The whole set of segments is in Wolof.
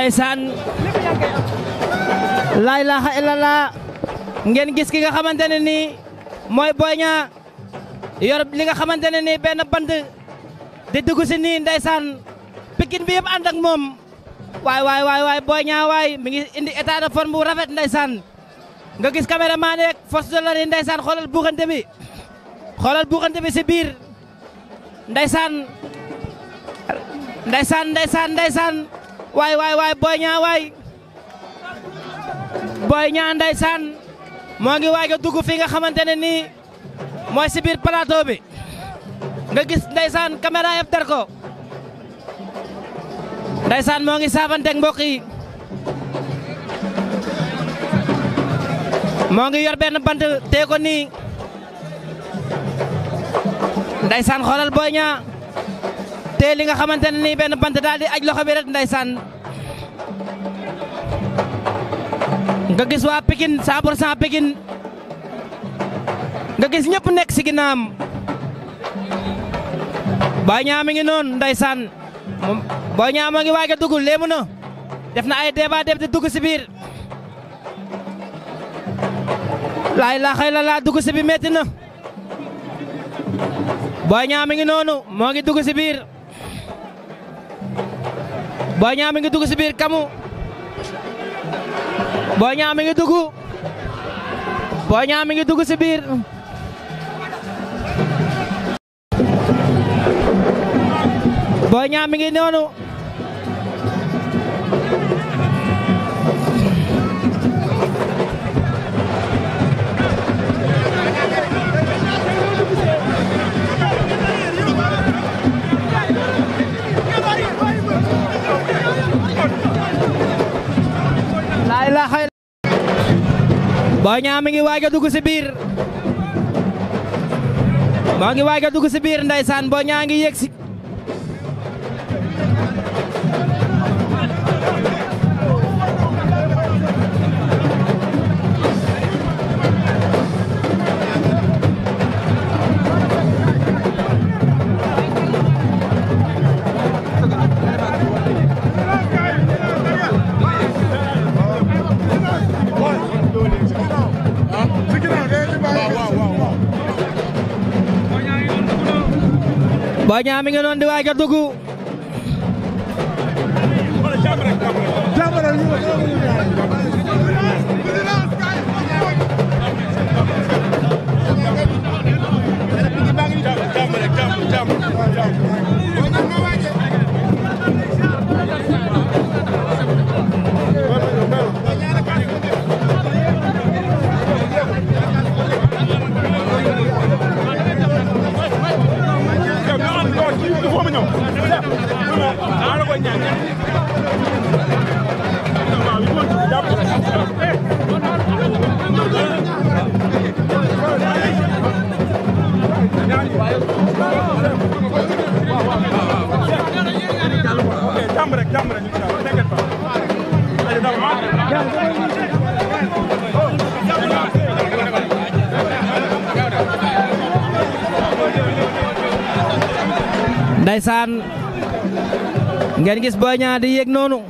Taisan Laila, Hailala, illallah ngeen gis ki nga xamantene ni moy mooy yor li nga xamantene ni ben benn band di dugg wai wai ndaysaan Pikine bi yeb and ak mom way way way way Boy way mi ngi indi état de forme bu rafet ndaysan nga gis cameraman rek force de l'ordre yi ndaysaan xoolal buuxante bi xoolal buuxante bi ci bir ndaysan ndaysan ndaysan ndaysan Wai wai wai Boy wai boynya Boy Niang ngi wai a dugg fi nga xamantene ni moy ci bir plateau bi nga gis ndeysaan caméra yeb ter ko ndeysaan mo ngi saafanteeg mbokk yi Mo ngi yor ben bant te ko nii ndeysaan xolal Boy té li nga xamante ni nii benn bant daal di aj loxo bi rek ndaysan nga gis wa Pikine 100 pour cent Pikine nga gis ñepp nek ci ginaam Boy ñaam ngi non ndaysan moom ñaam ngi waaj duggul dugg na def na ay débat def di dugg ci bir la laa xëy la laa dugg ci bi metti na Boy Niang mi ngi noonu moo ngi dugg si biir Banyak yang tunggu sebir kamu. Banyak yang tunggu. Banyak yang tunggu sebir. Banyak yang tunggu. ilaha illa mi ngi waaj a dugg moo ngi waaj a dugg si biir ndeysaan Boy Niang ngi yegsi Baña mi ngi noonu di waaj a ndeysaan ngeen gis Boy Niang di yéeg noonu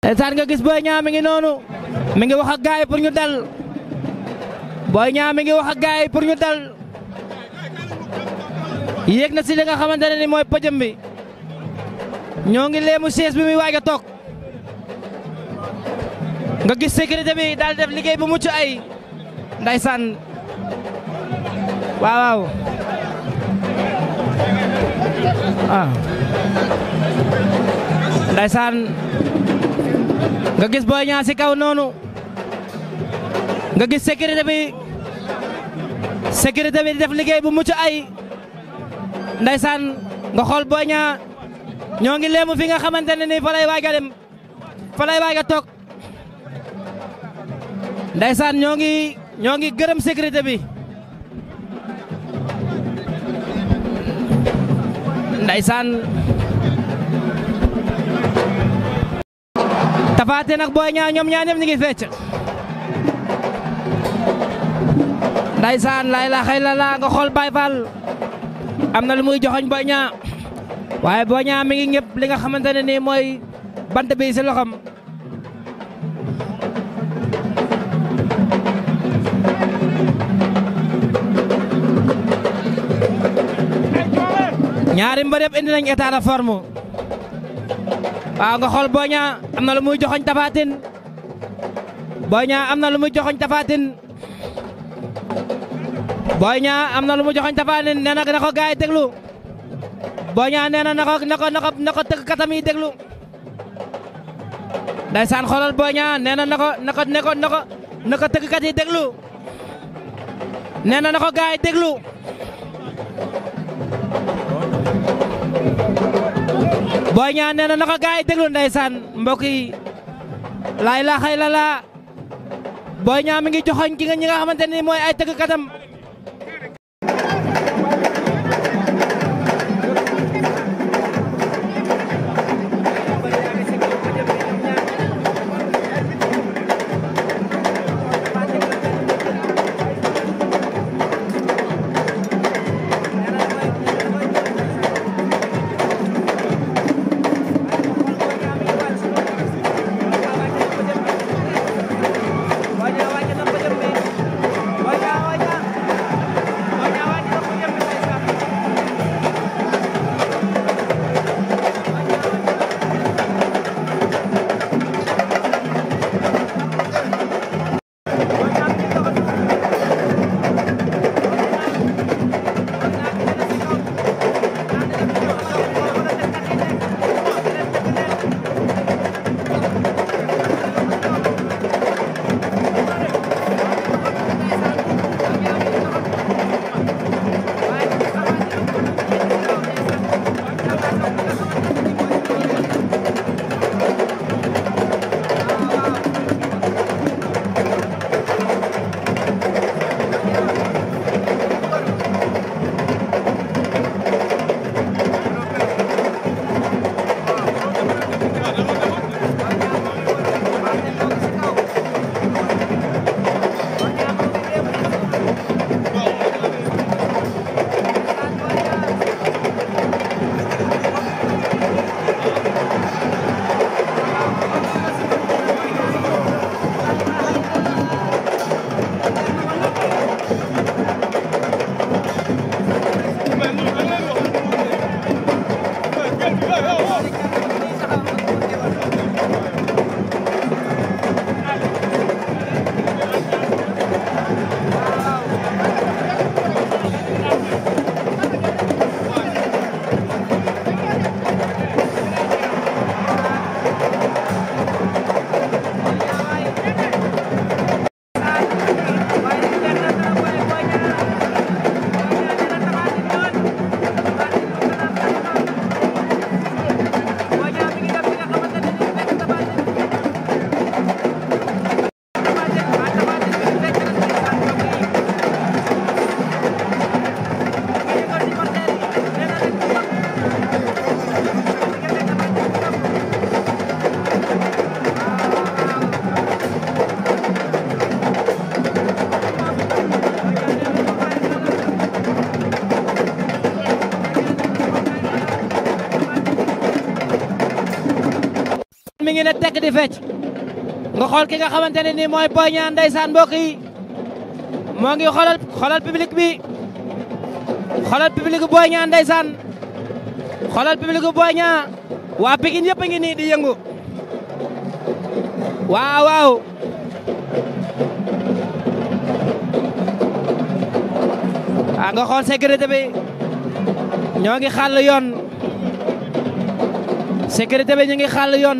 ndeysaan nga gis Boy Niang mi ngi noonu mi ngi wax ak gaay pour ñu dal Boy Niang mi ngi wax ak gaay pour ñu dal yéeg na si li nga xamante ne ni mooy pëjëm bi ñoo ngi leemu chaise bi muy waaj a toog nga gis sécurité bi daal def liggéey bu mucc ay ndeysaan waaw waaw waaw ah. ndaysaan nga gis Boy si kaw noonu nga gis sécurité bi sécurité bi di def liggéey bu mucc ay saan nga xool Boy ñoo ngi leemu fi nga xamante ne nii fa lay dem fa lay toog ndaysaan ñoo ngi ñoo ngi gërëm sécurité bi ndeysaan Tapha Tine ak Boy Niang ñoom ñaar ñëpp ñu ngi fecc ndeysaan lay la xëy la laa nga xool Baye Fall am na lu muy joxoñ Boy Niang waaye Boy Niang mi ngi ñëpp li nga xamante ne nii mooy bant bi si loxam ñaari mbër yëpp indi nañ état de forme waaw nga xool Boy Niang am na lu muy joxoñ Tapha Tine Boy Niang am na lu muy joxoñ Tapha Tine Boy Niang am na lu mu joxoñ Tapha Tine nako na na ko gaay déglu Boy Niang nee na na ko na katam yi déglu ndeysaan xoolal Boy Niang nee na na ko na ko na ko yi déglu nee na gaay déglu Boy Niang nee na nakagaay déglu ndeysaan mbokk yi laa ilaaha illallaa Boy Niang mi ngi joxoñ ki nga ñi nga xamante ni mooy ay tëggkatam ne tekk nga xool ki nga xamante ne nii mooy Boy Niang ndeysaan mbokk yi moo ngi xoolal xoolal public bi xoolal public Boy Niang ndeysaan xoolal public Boy waa Pikine yëpp a ngi nii di yëngu waaw waaw a ah, nga xool sécurité bi ñoo ngi xal yoon sécurité bi ñu ngi xal yoon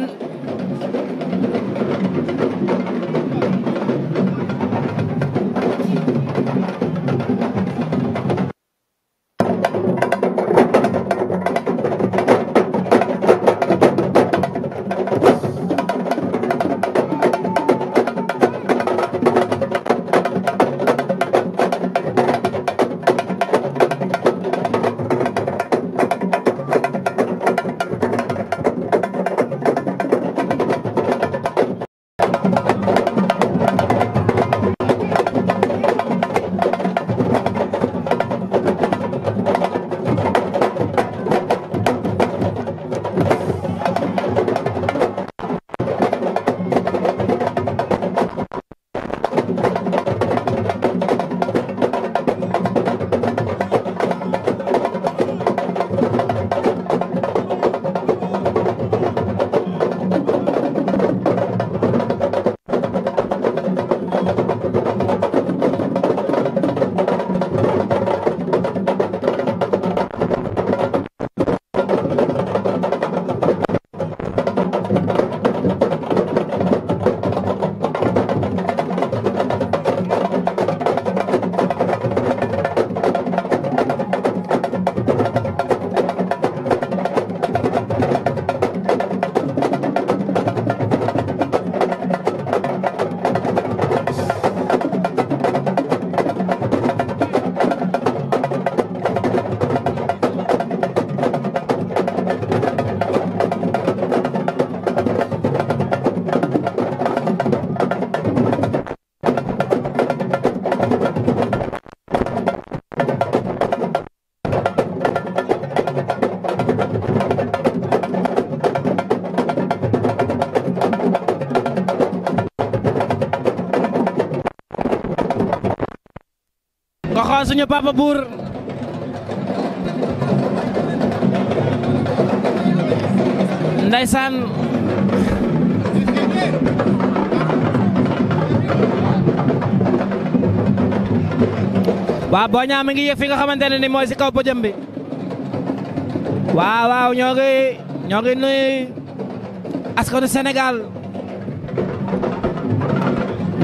langsung Pak pebur Ndaisan Wah, banyak mengi ya ngi yëg fi nga xamante ne ni mooy si kaw nyogi bi waaw waaw ñoo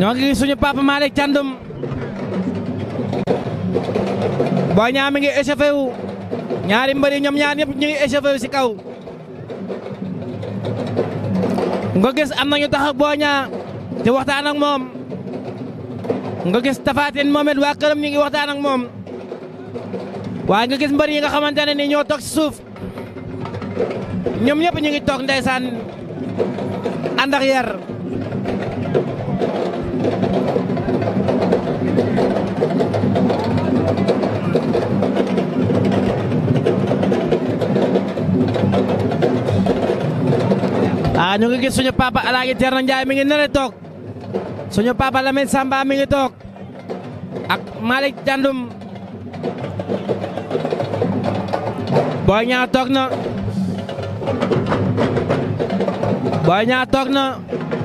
ngi ñoo papa malik candum. Banyak Niang mi SFU échauffé wu ñaari mbër yi ñoom ñaar ñëpp ñu ngi si kaw nga gis am nañu tax ak di waxtaan ak mom. nga gis Tafatin Tine moom it waa këram ñu ngi waxtaan ak moom waaye nga gis mbër nga xamante ni ñoo suuf yar ah ñu ngi gis suñu papa alaaji Thierno Ndiaye mi ngi nele toog suñu papa Lamine Samba mi ngi toog ak Malick Diandoum Boy Niang toog na Boy Niang toog na